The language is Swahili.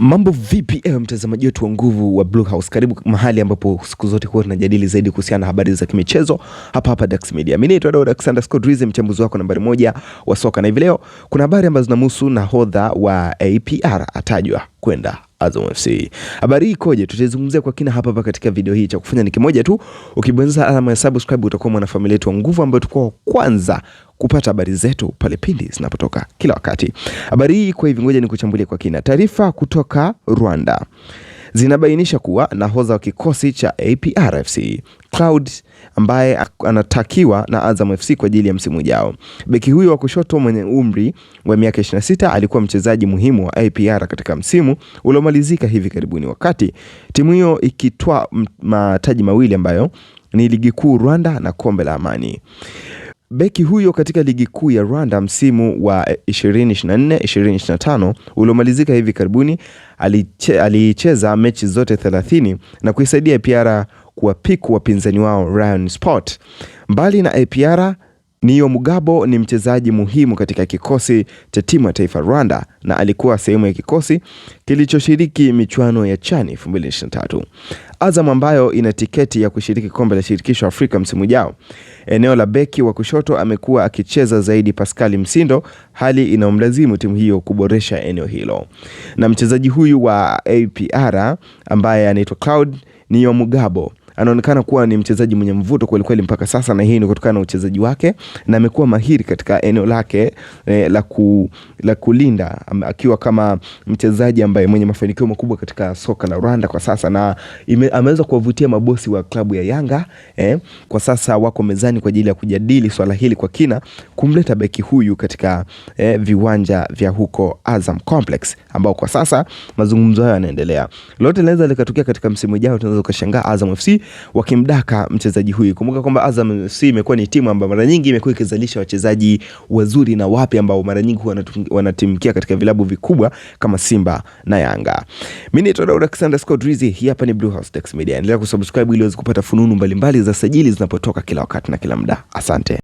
Mambo vipi ewe eh, mtazamaji wetu wa nguvu wa Blue House, karibu mahali ambapo siku zote huwa tunajadili zaidi kuhusiana na habari za kimichezo hapa hapa Dax Media. Mimi naitwa Dax underscore Rizzi, mchambuzi wako nambari moja wa soka, na hivi leo kuna habari ambazo zinamhusu nahodha wa APR atajwa kwenda Azam FC. Habari hii ikoje? Tutaizungumzia kwa kina hapa hapa katika video hii. Cha kufanya ni kimoja tu, ukibonyeza alama ya subscribe utakuwa mwanafamilia yetu wa nguvu, ambayo wa kwanza kupata habari zetu pale pindi zinapotoka kila wakati. Habari hii kwa hivi, ngoja nikuchambulie kwa kina. Taarifa kutoka Rwanda zinabainisha kuwa nahodha wa kikosi cha APR FC Cloud ambaye anatakiwa na Azam FC kwa ajili ya msimu ujao. Beki huyo wa kushoto mwenye umri wa miaka 26 alikuwa mchezaji muhimu wa APR katika msimu uliomalizika hivi karibuni, wakati timu hiyo ikitwaa mataji mawili ambayo ni ligi kuu Rwanda na kombe la Amani. Beki huyo katika ligi kuu ya Rwanda msimu wa 2024 eh, 2025 uliomalizika hivi karibuni aliicheza mechi zote 30 na kuisaidia APR kuwapiku wapinzani wao Rayon Sport. Mbali na APR Niyo Mugabo ni mchezaji muhimu katika kikosi cha timu ya taifa Rwanda na alikuwa sehemu ya kikosi kilichoshiriki michuano ya CHAN 2023. Azam ambayo ina tiketi ya kushiriki kombe la shirikisho Afrika msimu ujao. Eneo la beki wa kushoto amekuwa akicheza zaidi Pascal Msindo, hali inayomlazimu timu hiyo kuboresha eneo hilo. Na mchezaji huyu wa APR ambaye anaitwa Cloud Niyo Mugabo anaonekana kuwa ni mchezaji mwenye mvuto kwelikweli mpaka sasa, na hii ni kutokana na uchezaji wake, na amekuwa mahiri katika eneo lake eh, la, ku, la kulinda akiwa kama mchezaji ambaye mwenye mafanikio makubwa katika soka la Rwanda kwa sasa, na ameweza kuwavutia mabosi wa klabu ya Yanga eh, kwa sasa wako mezani kwa ajili ya kujadili swala hili kwa kina, kumleta beki huyu katika eh, viwanja vya huko Azam Complex ambao kwa sasa mazungumzo hayo yanaendelea. Lote linaweza likatokea katika msimu ujao, tunaweza kushangaa Azam FC wakimdaka mchezaji huyu. Kumbuka kwamba Azam FC imekuwa ni timu ambayo mara nyingi imekuwa ikizalisha wachezaji wazuri na wapi ambao mara nyingi huwa wanatimkia katika vilabu vikubwa kama Simba na Yanga. Mimi ni Daud Alexander Scott Rizzi, hii hapa ni Blue House Dax Media. Endelea kusubscribe ili uweze kupata fununu mbalimbali za sajili zinapotoka kila wakati na kila muda. Asante.